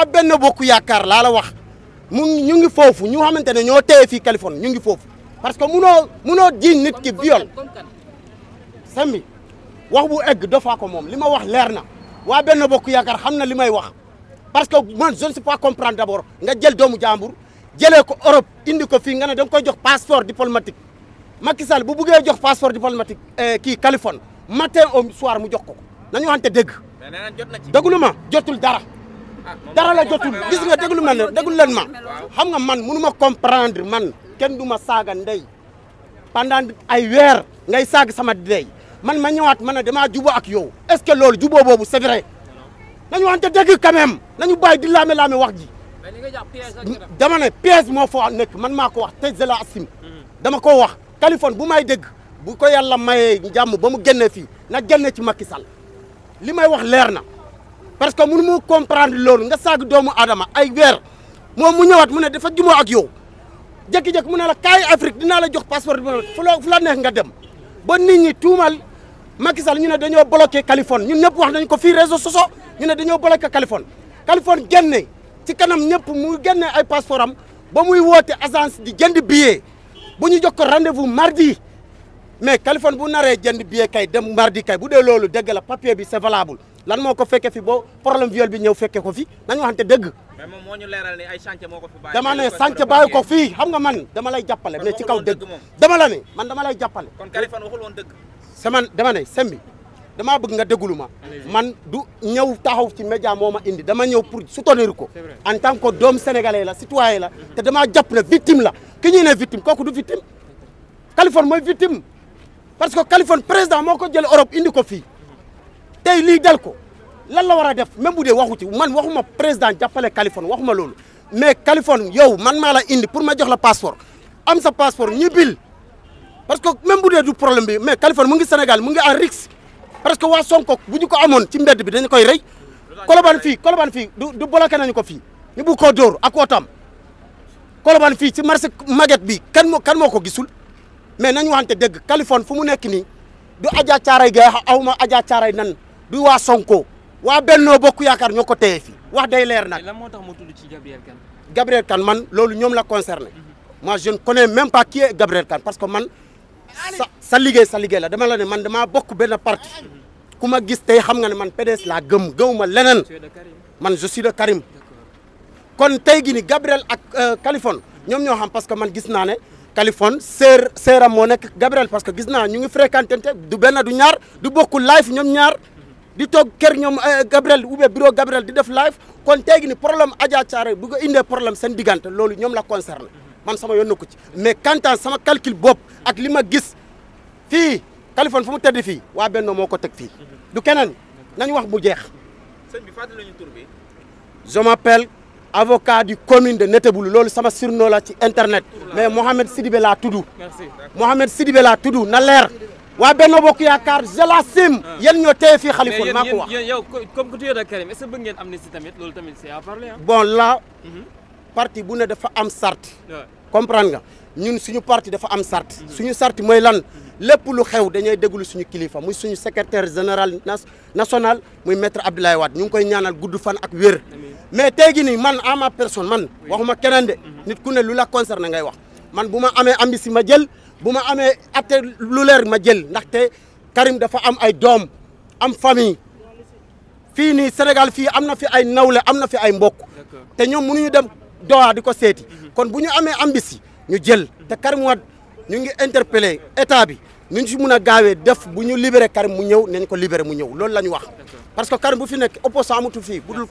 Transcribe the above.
ab benn bokku yaakaar laa la wax mu ñu ngi foofu ñu xamante ne ñoo téye fii Californie ñu ngi foofu parce que munoo munoo jiiñ nit ki viol sambi wax bu egg dofaa ko moom li ma wax leer na waa benn bokk yaakaar xam na li may wax parce que man je ne sais pas comprendre d'abord nga jël doomu jàmbur jëlee ko Europe indi ko fii nga ne da nga koy jox passeport diplomatique Macky Sall bu buggee jox passeport diplomatique eh, kii Californie matin au soir mu jox ko ko nañu waxante dëgg. mais na ci dëggu ma jotul dara. dara la jotul gis nga déglu ma leen déglu leen ma xam nga man mënu ma comprendre man kenn du ma saaga ndey pendant ay weer ngay saag sama ndey man ma ñëwaat ma a damaa jubo ak yow est-ce que loolu juboo boobu c'est vrai nañu waxante dëgg quand même nañu bàyyi di laame-laame wax ji dama ne pièce moo fa nekk man maa ko wax te zela asim dama ko wax Kaliphone bu may dégg bu ko yàlla mayee jàmm ba mu génnee fii na génne ci Macky Sall li may wax leer na parce que mënu mu comprendre loolu nga saag doomu Adama ay weer moom mu ñëwaat mu ne dafa jumoo ak yow jékki-jékki mu ne la kaay Afrique dinaa la jox passeport bi fu la la neex nga dem ba nit ñi tuumal Macky Sall ñu ne dañoo bloqué Californie ñun ñëpp wax nañ ko fii réseau soso ñu ne dañoo bloqué Californie Californie génne ci kanam ñëpp mu génne ay passeport am ba muy woote agence di jënd billet bu ñu jox ko rendez-vous mardi mais Californie bu naree jënd billet kay dem mardi kay bu dee loolu dëgg la bi c'est valable lan moo ko fekkee fi boo problème viol bi ñëw fekkee ko fi nañu waxante dëgg. mais moom moo ñu leeral ne ay chantier moo ko fi bàyyi. ko fii xam nga man dama lay jàppale. ne ci kaw dëgg dama la ne man dama lay jàppale. kon Kaliphone waxul woon dëgg. sama dama ne Sembi bëgg nga déglu man du ñëw taxaw ci média moo ma indi dama ñëw pour soutenir ko. en tant que doom sénégalais la citoyen la. te damaa jàpp ne victime la ki ñuy ne victime kooku du victime. Kaliphone mooy victime parce que Kaliphone président moo ko jël Europe indi ko fii tey lii dal ko lan la war a def même bu dee waxu ci man waxuma président jàppale Kaliphone waxuma loolu mais Kaliphone yow man maa la indi pour ma jox la passeport am sa passeport ñibbil parce que même bu dee du problème bi mais Kaliphone mu ngi Sénégal mu ngi en risque parce que waa Sonko bu ko amoon ci mbedd bi dañu koy rey Colobane fii Colobane fii du du nañu ko fii ñu bugg koo dóor ak otam Colobane fii ci marché Maguette bi kan moo kan moo ko gisul mais nañu waxante dëgg Kaliphone fu mu nekk nii du Adja Caaray aw ma Adja Caaray nan du waa Sonko waa Bennoo Bokk Yaakaar ñoo ko téye wax day leer nag. lan moo tax mu tudd ci Gabriel Kane. Gabriel Kane man loolu ñoom la concerné. Mhm. moi je ne connais même pas qui Gabriel Kane parce que man sa sa liggéey sa liggéey la dama la ne man damaa bokk benn parti ku ma gis tey xam nga ne man PDS laa gëm ma leneen man je suis de Karim kon tey gi ni Gabriel ak Kalifon euh, ñoom ñoo xam parce que man gis naa ne Kalifon seer seeram moo nekk Gabriel parce que gis naa ñu ngi fréquenté du benn du ñaar du bokkul live ñoom ñaar di toog kër ñoom eh, Gabriel ou bien bureau Gabriel di def live kon tey ni problème Adja Thiaré bu ko indee problème seen diggante loolu ñoom la concerne man sama yoon na ko ci mais kantaan sama calcul bopp ak li ma gis fii Kaliphone fo mu tëdd fii waa Benno moo ko teg fii du keneen nañu wax mu jeex. sëñ bi fàttali nañu avocat du commune de Neteboulou loolu sama surnom la ci internet mais Mohamed Sidibé laa tudd. merci Mohamed Sidibé laa tudd na leer. waa benn Bokk Yaakaar je l'assume. Ah. yéen ñoo téye fii Khalifa maa ko wax. mais yow comme que tu es de Karim est-ce que bëgg ngeen amnistie tamit loolu tamit c'est à bon là. Mhm. parti bu ne dafa am sart. comprendre nga ñun suñu parti dafa am sart. Mhm. suñu sart mooy lan mhm. lépp lu xew dañuy déglu suñu kilifa muy suñu secretaire général national muy maître Abdoulaye waat ñu ngi koy ñaanal gudd fan ak wér. mais tey jii nii man à ma personne man waxuma keneen de. nit ku ne lu la concerné ngay wax man bu ma amee si ma jël. bu ma amee atte lu leer ma jël ndaxte Karim dafa am ay doom am famille fii nii Sénégal fii am na fi ay nawle am na fi ay mbokk te ñoom mu ñu dem Doha di ko seeti mhm. kon bu ñu amee ambition ñu jël te Karim Wade ñu ngi interpellé état bi ñu si mun a gaawee def bu ñu libéré Karim mu ñëw nañ ko libéré mu ñëw loolu la ñu wax parce que Karim bu fi nekk opposant amutul fii budul.